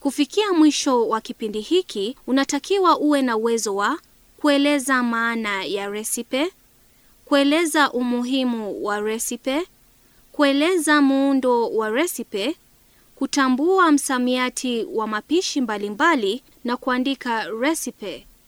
Kufikia mwisho wa kipindi hiki, unatakiwa uwe na uwezo wa kueleza maana ya resipe, kueleza umuhimu wa resipe, kueleza muundo wa resipe, kutambua msamiati wa mapishi mbalimbali na kuandika resipe.